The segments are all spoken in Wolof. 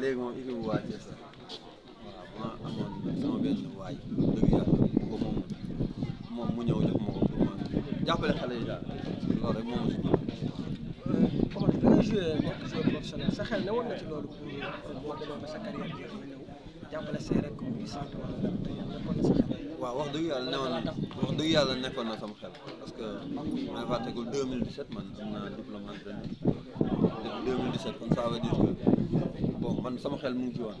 léegi moom équipe bu waa Thiès la waaw bu ma amoon sama benn waay dëgg yàlla ko moom moom mu ñëw jox ma ko pour ma jàppale xale yi daal loolu rek moom si Omar bi nga joué nekk joueur professionnel sa xel ne woon na ci loolu pour boo demee ba sa carrière bi nga ñëw jàppale see rek muy sant wala te nekkoon na sa xel waaw wax dëgg yàlla newoon na wax dëgg yàlla nekkoon na sama xel parce que may fàttegul 2017 man am naa diplôme entraîneur 2017 kon ça veut dire que bon man sama xel mu ngi ci woon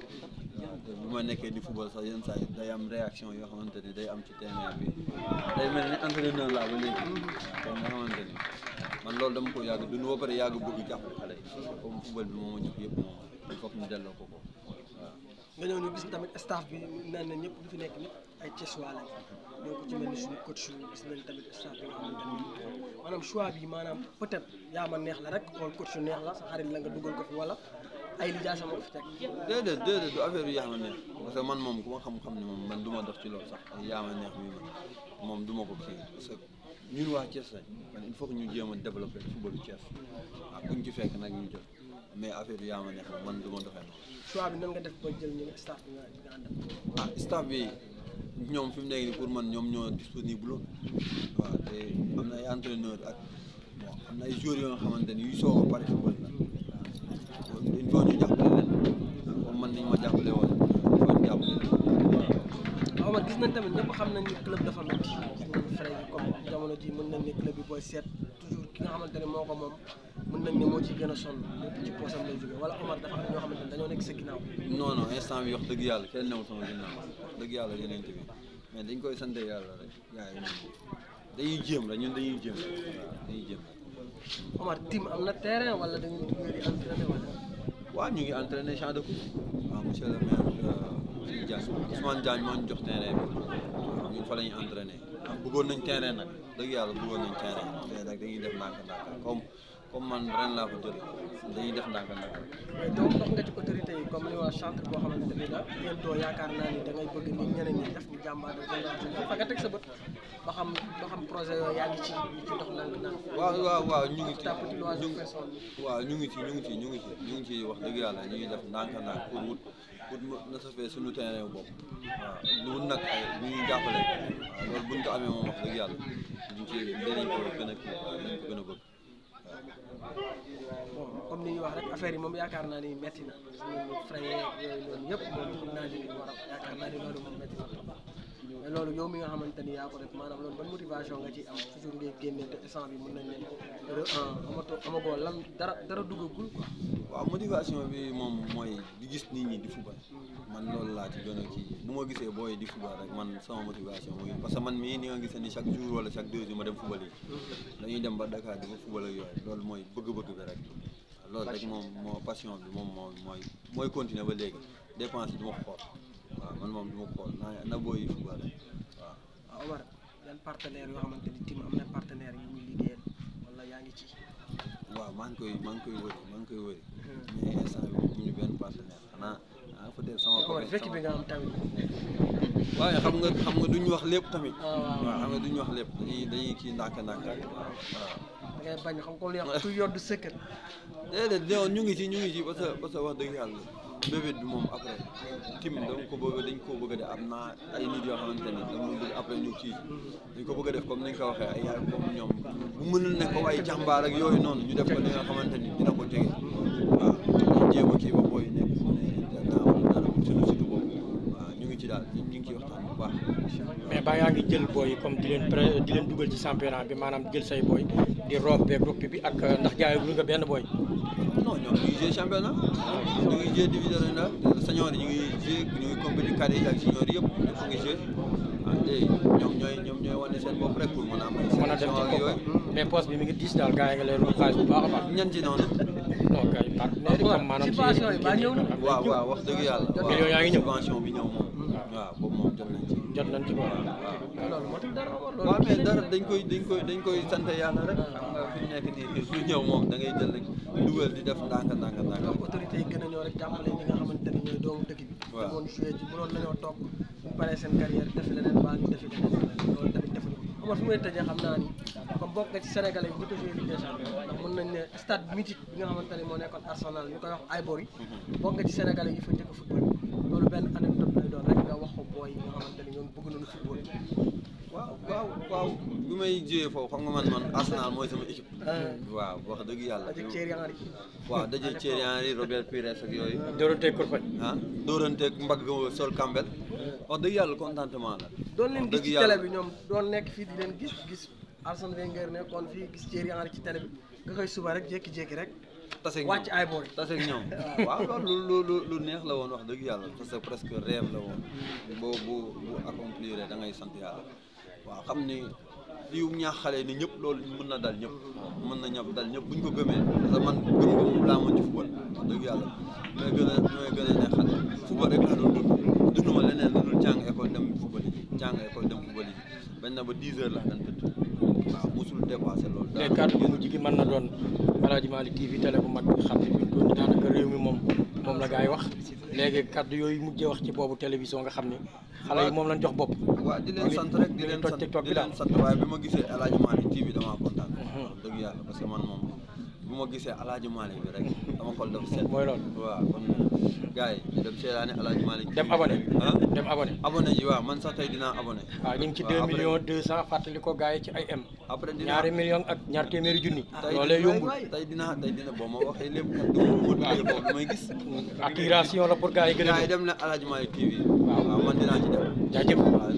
bu ma nekkee di football sax yenn saa yi day am réaction yoo xamante ni day am ci terrain bi day mel ni entraîneur laa ba léegi kon nga xamante ni man loolu dama ko yàgg dund ba pare yàgg bëgg jàpp xale yi comme football bi moo ma yëpp moom il faut delloo ko ko waaw. nga gis tamit staff bi naan na ñëpp fi nekk nit ay Thiessois lañ ñoo ko ci mel ni suñu maanaam choix bi maanaam peut yaa ma neex la rek xool coach neex la sa xarit la nga dugal ko fi wala. ay lijaasa moo ko fi teg. déedéet déedéet du affaire bi yaa ma neex parce que man moom ku ma xam-xam ne moom man du ma dox ci loolu sax ay yaa ma neex mi man moom du ma ko kii parce que ñun waa Thiès lañ man il faut que ñu jéem a développer footballu Thiès ah buñ ci fekk nag ñu jot mais affaire bi yaa ma neex man du ma doxee noonu. choix bi nan nga def ba jël ñu staff bi nga àndal. ah staff bi ñoom fi mu nekk nii pour man ñoom ñoo disponible waaw te am na ay entraîneur ak bon am na ay joueurs yoo xamante ni yu soog a pare football la. gis nañ tamit ñëpp xam nañ ni club dafa métti frais yi comme jamono ji mën nañ ne club yi booy seet toujours ki nga xamante ne moo ko moom mën nañ ne moo ci gën a sonn lépp ci poosam lay jóge wala Omar dafa am ñoo xamante ne dañoo nekk sa ginnaaw non non instant bi wax dëgg yàlla kenn newul sama ginnaaw wax dëgg yàlla yeneen bi mais dañ koy sant yàlla rek gars yi dañuy jéem la ñun dañuy jéem waaw dañuy jéem la Omar team am na terrain wala dañuy duggee di entraîné wala waaw ñu ngi entraîné champ de course waaw monsieur le maire euh, di Dia Ousmane Diagne moo ñu jox terrain bi ñun fa la ñuy entraîné ah, bëggoon nañ terrain nag dëgg yàlla bëggoon nañ terrain mais nag dañuy def ndànk-ndànk comme comme man ren laa ko jël dañuy def ndànk-ndànk. mais chantre boo xamante ne la bientôt yaakaar naa ni da ngay bëgg ni ñeneen ñi def ñu jàmbaar fa nga teg sa bët ba xam ba xam ngi ci ñu ci dox nang nang ñu ngi ci waaw ñu ngi ci ñu ngi ci ñu ngi ci ñu ngi ci wax dëgg yàlla ñu ngi def ndànk ndànk pour wut na sa fee suñu terrain bopp waaw wut nag ay ñu ñu jàppale waaw loolu amee moom wax dëgg yàlla ñu ngi ci dinañ ko gën a kii dinañ ko a bëgg affaire yi moom yaakaar naa ni métti na frais yooyu noonu yëpp moom xam naa ni war a yaakaar naa ni moom métti loolu yow mi nga xamante ni yaa ko def maanaam loolu ban motivation nga ci am toujours ngay génne nañ ne euh, amato amagoo lan dara dara duggagul quoi bi moom mooy di gis nit ñi di football man loolu laa ci gën a kii bu ma gisee booy di football rek man sama motivation mooy parce que man mii ni nga gisee ni chaque jour wala chaque deux jours ma dem football yi mm-hmm. dañuy dem ba Dakar di ma football ak yooyu loolu mooy bëgg-bëgg bi rek loolu rek moom moo passion bi moom moo mooy mooy continuer ba léegi dépense bi du ma ko xool waaw man moom du ma ko xool naa na booy yi football rek waaw. Omar partenaire yoo xamante ni tim am na partenaire yu muy liggéeyal wala yaa ngi ci. waaw maa ngi koy maa ngi koy wëri maa ngi koy wëri. Hmm. mais instant bi mu ñu benn partenaire xanaa ah peut-être sama. waaw fekk bi nga am tamit. waaye xam nga xam nga duñ wax lépp tamit. Ah, waaw xam nga duñ wax lépp dañuy dañuy kii ndànk-ndànk hmm. waaw. da ngay xam ko lu yàq ku yodd ñu ngi ci ñu ngi ci parce que wax dëgg yàlla bébét bi moom après tim dama ko bëgg dañ koo bëgg a am na ay nit yoo xamante ne dama bëgg après ñu ci dañ ko bëgg a def comme nañ ko waxee ay yaay comme ñoom bu mënul nekk ay jàmbaar ak yooyu noonu ñu def ko li nga xamante ni dina ko tege waaw jéem a kii daal ñu ngi ciy mais ba yaa ngi jël booy comme di leen pré di leen dugal ci championnat bi maanaam jël say booy di roof beeg bi ak ndax jaayagul nga benn booy. non ñoom ñu ngi joué championnat ñu ngi joué division régionale senior yi ñu ngi joué ñu ngi compétit cadre yi ak junior yëpp ñëpp ngi joué ah tey ñoom ñooy ñoom ñooy wane seen bopp rek pour mën a a dem ci mais poste bi mi ngi diis daal gars yi nga lay ruux xaalis bu baax a baax. ñan ci noonu. non kay partenaire yi comme maanaam waaw waaw wax dëgg yàlla. million yaa ngi ñëw subvention bi ñëw moom. waaw boobu moom jot nañ ci. jot nañ ci waaw waaw. waaw mais dara dañ koy dañ koy dañ koy sant yàlla rek. xam nga fi ñu nekk moom da ngay jël rek dugal di def ndànk ndànk ndànk. donc autorité yi gën a ñëw rek jàppale ñi nga xamante ne ñooy doomu dëkk bi. waaw man fi may tëjee xam naa ni comme bokk nga ci sénégalais yi ñu nañ ne stade mythique bi nga xamante ne moo nekkoon Arsenal ñu koy wax Highbury bokk nga ci sénégalais yi fa njëkk a football loolu benn anecdote lay doon rek nga wax ko ne ñoom bëgg nañu football waaw waaw waaw may jiyee foofu xam nga man man Arsenal mooy sama équipe ah. waaw wax dëgg yàlla daje Thierry Henry waaw daje Thierry Henry Robert Pires ak yooyu dóoranteeg korpañ ah dóoranteeg mbagg sol Campbell wax dëgg yàlla contentement la. doon leen gis ci télé bi ñoom doon nekk fii di leen gis gis Arsène Wenger nekkoon fii gis Thierry Henry ci télé bi nga koy suba rek jékki-jékki rek. tase wàcc ay boy tase ak ñoom waaw lu lu neex la woon wax dëgg yàlla parce que presque rêve la woon boo bu bu accomplir da ngay sant yàlla waaw xam ni lii ñaax xale ni ñëpp loolu mën na dal ñëpp mën na ñëpp dal ñëpp bu ñu ko gëmee parce man gëm-gëm laa mën ci football wax dëgg yàlla ñooy gën a ñooy gën a neex dañ na ba dix heures la dañ tëdd waaw musul dépassé loolu te kàddu gi mujj gi mën na doon Aladji Malick TV télé bu mag bi xam ne fi mu toll daanaka réew mi moom moom la gaa yi wax léegi kàddu yooyu mujjee wax ci boobu télévision nga xam ne xale yi moom lañ jox bopp di leen sant rek di leen bi ma gisee Aladji TV damaa kontaan mhm. bu ma gisee Alaaji Malick bi rek sama xol dafa set. mooy loolu waaw kon gars yi dem seetaane Alaaji Malick. dem abonné dem abonné. abonné ji waaw man sax tey dinaa abonné. waaw ah, ñu ngi ci 2 millions 200 fàttali ko gars yi ci ay M. après dinaa ñaari millions ak ñaar téeméeri junni. Ah, loolee dina boo ma waxee lépp kat du ma ko du may gis. attiration la pour gars yi gën a. gars dem na Alaaji Malick TV. waaw waaw man dinaa ci dem. jaajëf.